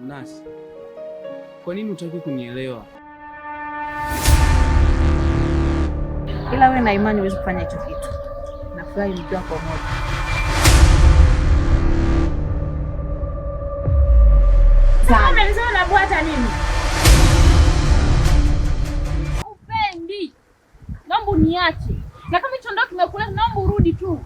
Mnasi, kwa nini utaki kunielewa? Ila wewe na imani huwezi kufanya hicho kitu. Nafurahi mkiwa pamoja. Unabwata nini? Upendi. Naomba uniache. Na kama hicho ndo kimekula, naomba urudi tu.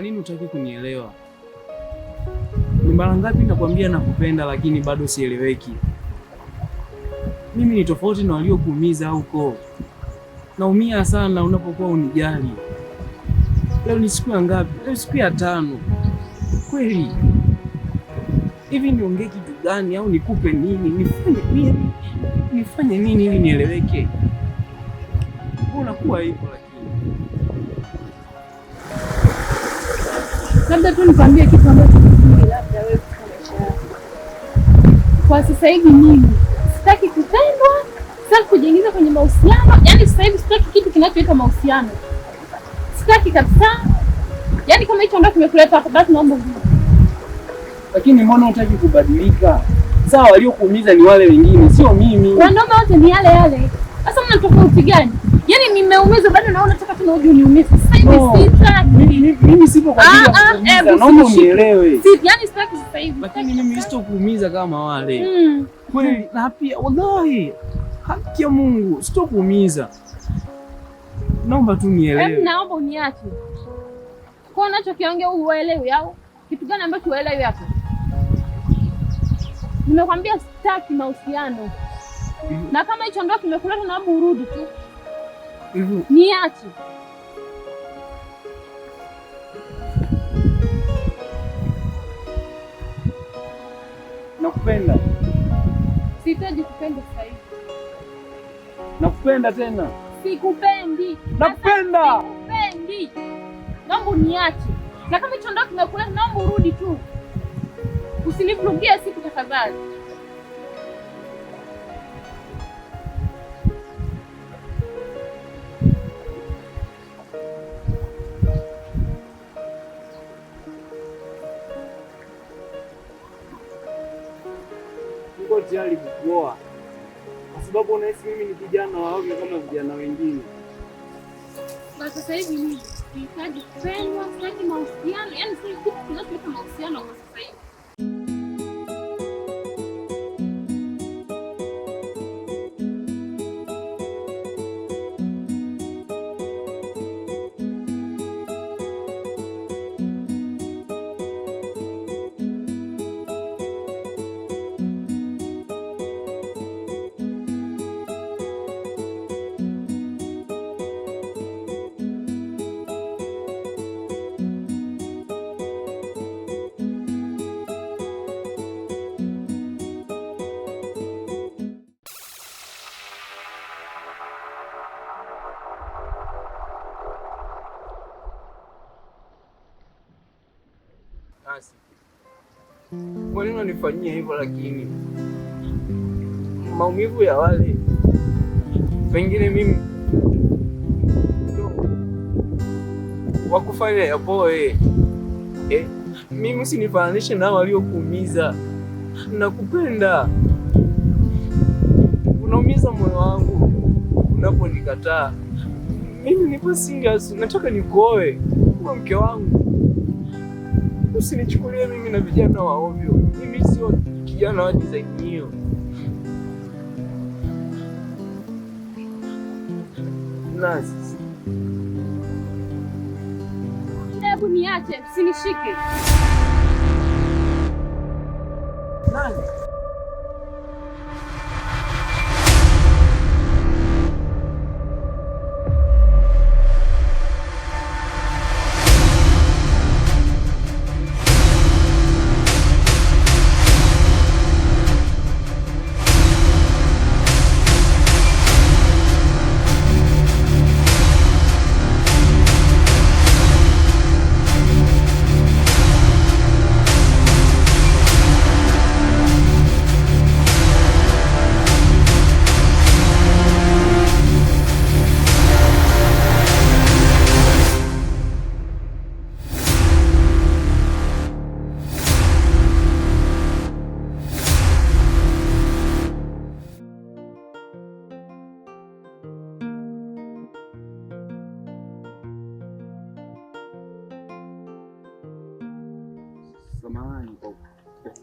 kwa nini utaki kunielewa? Ni mara ngapi nakwambia nakupenda, lakini bado sieleweki. Mimi ni tofauti na waliokuumiza huko. Naumia sana unapokuwa unijali. Leo ni siku ya ngapi? Leo siku ya tano. Kweli hivi niongee kitu gani au nikupe nini? Nifanye nini? Nifanye nini ili nieleweke? Unakuwa hivyo. labda tu nikwambie kitu ambacho kizuri, labda wewe kwa sasa hivi mimi sitaki kupendwa, sitaki kujiingiza kwenye mahusiano. Yani sasa hivi sitaki kitu kinachoitwa mahusiano, sitaki kabisa. Yani kama hicho ndio kimekuleta hapa, basi naomba lakini mbona unataka kubadilika? Sawa, waliokuumiza ni wale wengine, sio mimi. Wanaume wote ni yale yale. Sasa mna tofauti gani? Yaani nimeumizwa bado naona nataka tu nauje uniumize. Sasa hivi sitaki. Mimi sipo kwa ajili ya ah, ah, kuumiza. Eh, naomba unielewe. yani sitaki sasa hivi. Lakini mimi sitokuumiza kama wale. Hmm. Kweli na pia wallahi haki ya Mungu sito sitokuumiza. Naomba tu nielewe. Hebu yaani naomba uniache. Kwa unachokiongea uelewi au kitu gani ambacho uelewi hapo? Nimekwambia sitaki mahusiano. Mm-hmm. Na kama hicho ndio kimekuleta na urudi tu mm Niache nakupenda. Sitaji kupenda sasa hivi. Nakupenda tena. Sikupendi. Nakupenda. Sikupendi. Naomba niache. Na kama chondoo kimekula, naomba urudi tu. Usinivurugie siku tafadhali. yuko tayari kukuoa, kwa sababu unahisi mimi ni kijana wa ovyo kama vijana wengine. Sasa hivi mimi sitaki kupendwa, sitaki mahusiano, yani sasa hivi mahusiano kwa sasa hivi nilifanyia hivyo, lakini maumivu ya wale pengine mimi wakufanya yapoe eh, mimi usinifananishe nao waliokuumiza. Nakupenda, unaumiza moyo wangu unaponikataa. Mimi nipo serious, nataka nikuoe, uwe mke wangu, usinichukulie mimi na vijana wa ovyo mimi sio kijana wa design hiyo. Hebu niache, usinishike. Nani?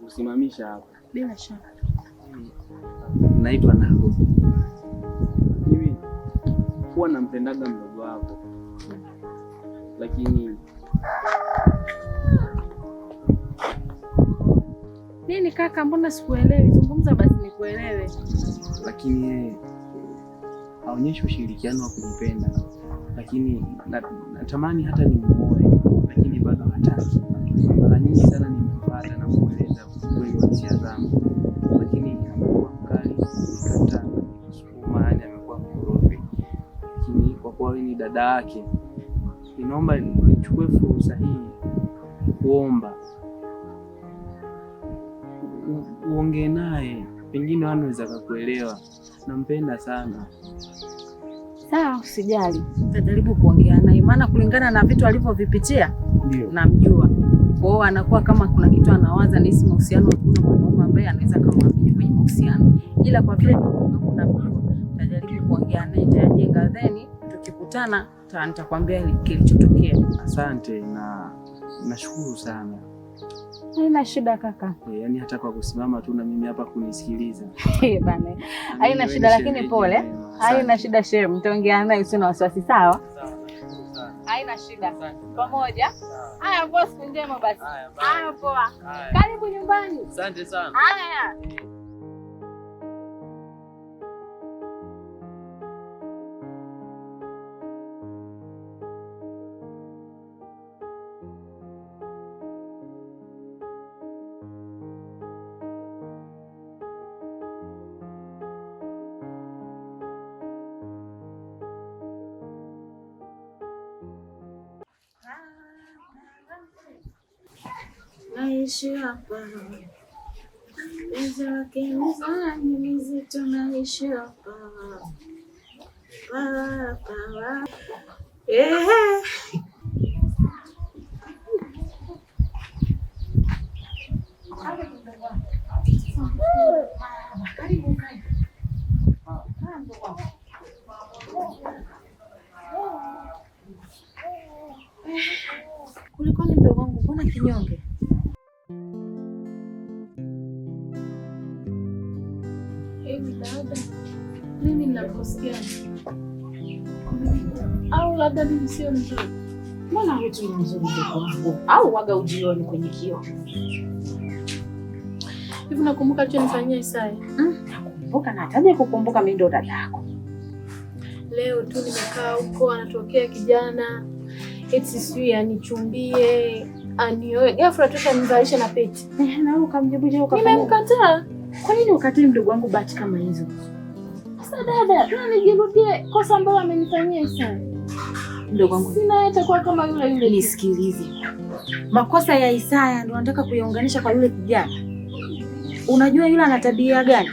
kusimamisha hapa. Bila shaka. Naitwa Nago. Mimi huwa nampendaga mdogo wako, lakini nini kaka, mbona sikuelewi? Zungumza basi nikuelewe. Lakini yeye haonyeshi ushirikiano wa kunipenda, lakini natamani hata nimuoe, lakini bado hataki. Mara nyingi sana ambaye ni dada yake, inaomba nichukue fursa hii kuomba uongee naye, pengine wanaweza kukuelewa. Nampenda sana. Sawa, usijali, nitajaribu kuongea naye, maana kulingana na vitu alivyovipitia namjua. Kwa hiyo anakuwa kama kuna kitu anawaza, nahisi mahusiano, hakuna mwanaume ambaye anaweza kumwamini kwenye mahusiano, ila kwa vile namjua, nitajaribu kuongea naye, tayajenga theni tukikutana nitakwambia kilichotokea. Asante na nashukuru sana. Haina shida kaka. E, eh, yani hata kwa kusimama tu na mimi hapa kunisikiliza bana, haina shida lakini pole. Haina shida shehe, mtaongea naye usio na wasiwasi, sawa? Haina shida, pamoja. Haya, siku njema basi. Haya, poa, karibu nyumbani. Asante sana. Haya. tunaishi hapa, pesa wake mezani, mizi tunaishi hapa. sio mzuri. Mbona wetu ni mzuri ndugu wangu? Au waga ujioni kwenye kioo. Hivi nakumbuka cho Isaya. Hmm, nakumbuka na hataje kukumbuka mimi ndo dada yako. Leo tu nimekaa huko anatokea kijana eti sijui anichumbie anioe. Ghafla tu kanizalisha na peti. Eh, na wewe ukamjibu je ukafanya? Nimemkataa. Kwa nini ukatili mdogo wangu bahati kama hizo? Sasa dada, tunajirudia kosa ambalo amenifanyia Isaya itakuwa kama yule yule. Nisikilize, makosa ya Isaya ndo nataka kuyaunganisha kwa yule kijana. Unajua yule ana tabia gani?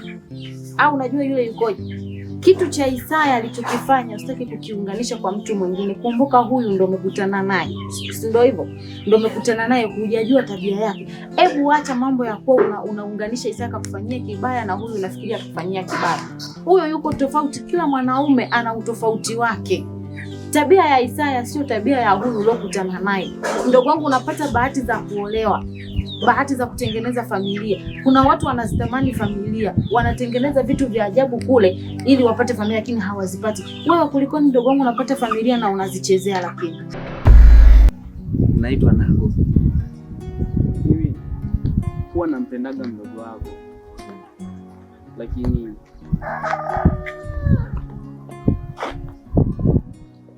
Au unajua yule yukoje? Kitu cha Isaya alichokifanya usitaki kukiunganisha kwa mtu mwingine. Kumbuka huyu ndo umekutana naye, si ndio? Hivyo ndo umekutana naye, hujajua tabia yake. Hebu acha mambo ya kuwa una, unaunganisha Isaya kakufanyia kibaya na huyu unafikiria kufanyia kibaya. Huyo yuko tofauti, kila mwanaume ana utofauti wake. Tabia ya Isaya sio tabia ya huyu uliokutana naye. Mdogo wangu, unapata bahati za kuolewa, bahati za kutengeneza familia. Kuna watu wanazitamani familia, wanatengeneza vitu vya ajabu kule ili wapate familia, lakini hawazipati. Wewe kulikoni, mdogo wangu, unapata familia na unazichezea. Lakini naitwa Nago, mimi huwa nampendaga mdogo wako, lakini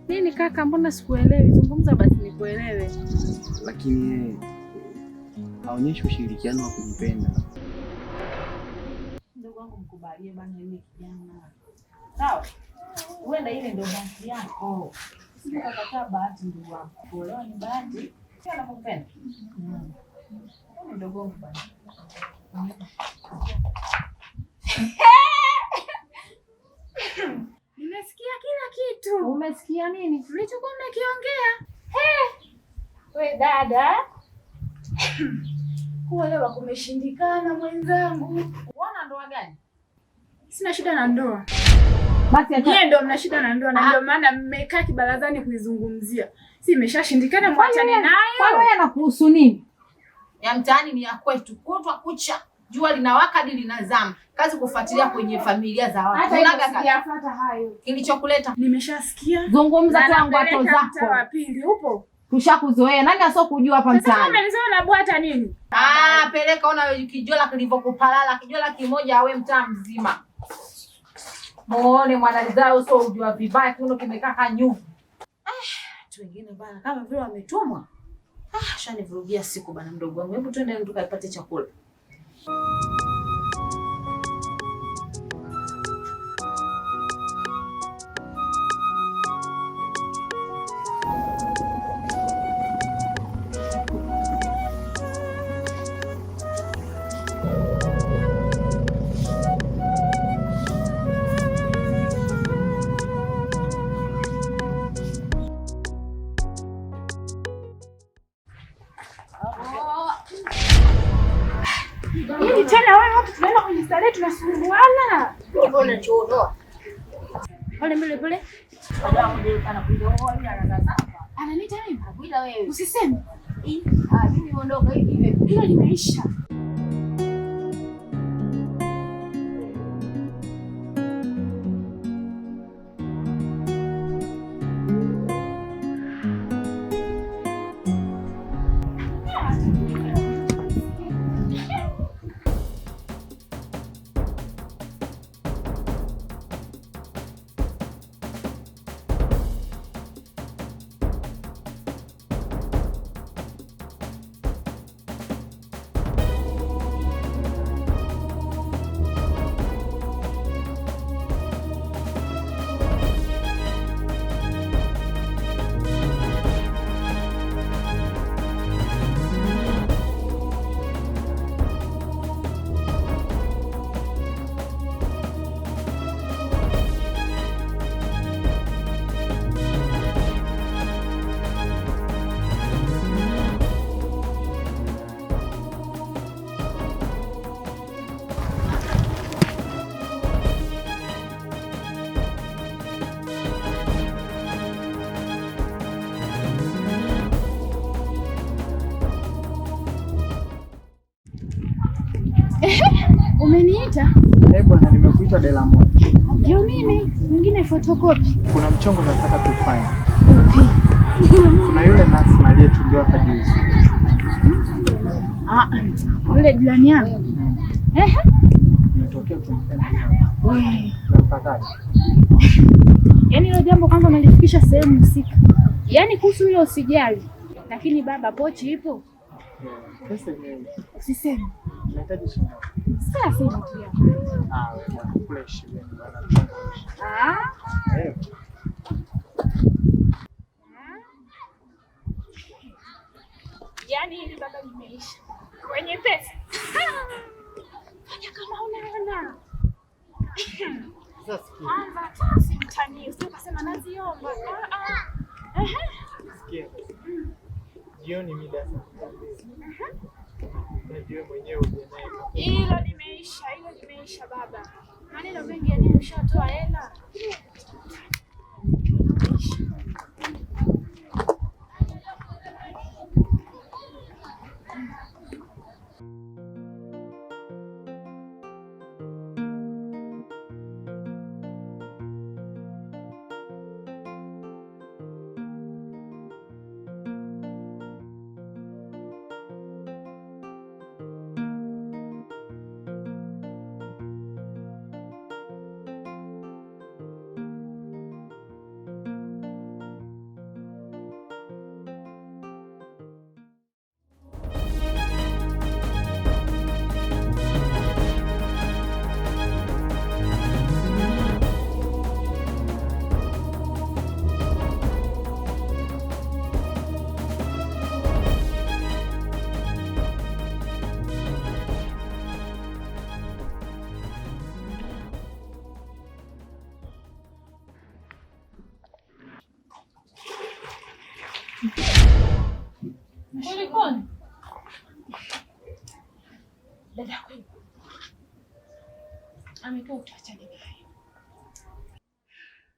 Nini kaka, mbona sikuelewi? Zungumza basi nikuelewe. Lakini yeye haonyeshi ushirikiano wa kujipenda. Ndugu wangu, mkubalie bana yule kijana. Sawa? Huenda ile ndio bahati yako. Sikakataa bahati ndugu wangu. Kuolewa ni bahati. Sio nakupenda. Mm. Ndugu wangu bana. ya nini tulichokuwa nakiongea. Hey, we dada kuelewa kumeshindikana mwenzangu. Uona ndoa gani? Sina shida na ndoa Yeye ndo mna shida na ndoa na ah. ndio maana mmekaa kibarazani kuizungumzia. Si imeshashindikana, mwachane nayo. Kwa nini anakuhusu nini? Ya mtaani ni ya kwetu kutwa kucha jua linawaka hadi linazama, kazi kufuatilia kwenye familia za watu. Hata hayo Kilichokuleta nimeshasikia, zungumza tangu hapo zako. Wa pili upo, tushakuzoea. Nani aso kujua hapa mtaani? Bwata nini? Ah, peleka. Ona kijola kilivyokupalala, kijola kimoja awe mtaa mzima muone mwanadada uso ujua vibaya, kuno kimekaa nyuvu. Ah, watu wengine bana, kama vile wametumwa. Ah, shanivurugia siku bana, mdogo wangu, hebu twende tukapate chakula. Música wewe. Ah, Mimi niondoka hivi hivi. Hilo limeisha. Umeniita? Eh, bwana nimekuita Delamo. Ndio mimi, mwingine photocopy. Kuna mchongo nataka kufanya. Kuna yule nasi aliyetuliwa hapa juzi. Ah, yule jirani yangu. Hmm. Eh? Nimetokea tu. Wewe, unapataje? Yaani hilo jambo kwanza nalifikisha sehemu husika. Yaani kuhusu hilo usijali. Lakini baba pochi ipo? Hmm. Usiseme. Nahitaji shilingi Yaani hili baba limeisha kwenye pesa. Fanya kama unaona. Sasa simtanie, sio kusema naziomba. Jioni mida. Hilo limeisha, hilo limeisha baba, maneno mengi yalimshatoa hela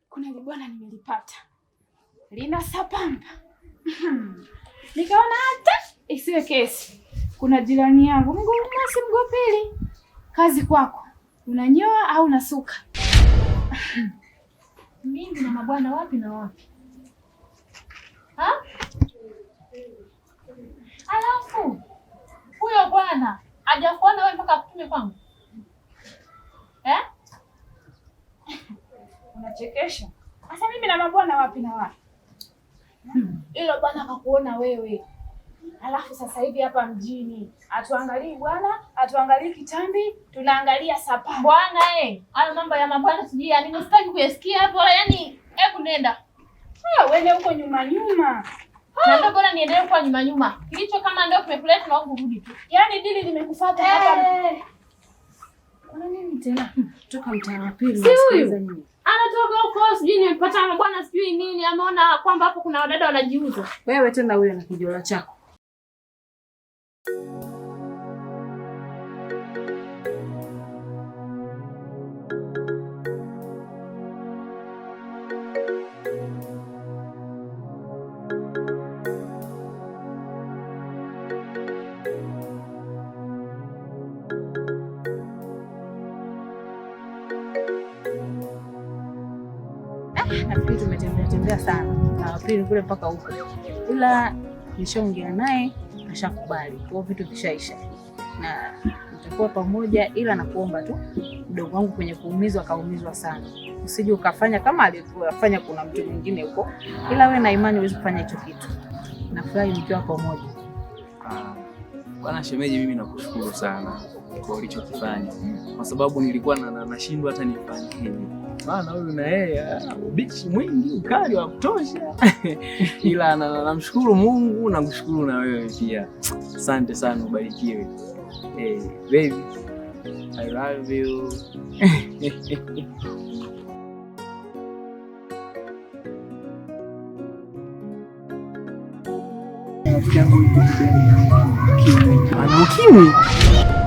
Kuna libwana nimelipata lina sapamba hmm. nikaona hata isiwe kesi. Kuna jirani yangu mguu mmosi mguu pili, kazi kwako, unanyoa au nasuka? Hmm. mingi na mabwana wapi na wapi kuona wewe, alafu sasa hivi hapa mjini atuangalii bwana, atuangalii kitambi, tunaangalia sapa bwana. Eh, hayo mambo ya mabwana sijui yani, nisitaki kuyasikia hapo. Yani hebu nenda ah, wende huko nyuma nyuma. Ah. Ndio bora niendelee kwa nyuma nyuma. Kilicho kama ndio kimekuleta na wangu rudi tu. Yaani dili limekufuata hapa. Eh. Kuna nini tena? Hmm. Toka mtaa wa pili. Si huyu anatoka huko sijui na bwana sijui nini, ameona kwamba hapo kuna wadada wanajiuza. Wewe tena huyo na kijola chako nafikiri tumetembea tembea sana na Aprili kule mpaka huko, ila nishaongea naye ashakubali kwa vitu vishaisha na tutakuwa pamoja, ila nakuomba tu mdogo wangu, kwenye kuumizwa kaumizwa sana, usije ukafanya kama alivyofanya kuna mtu mwingine huko, ila we na imani uwezi kufanya hicho kitu. Nafurahi mkiwa pamoja. Ah, bwana shemeji, mimi nakushukuru sana kwa ulichokifanya, kwa sababu nilikuwa nashindwa hata nifanye hivi bana huyu na yeye ubishi ah, mwingi ukali wa kutosha ila namshukuru na, na Mungu na kushukuru na wewe pia. Asante sana, ubarikiwe. Hey, eh, baby. I love you. Ukimwi.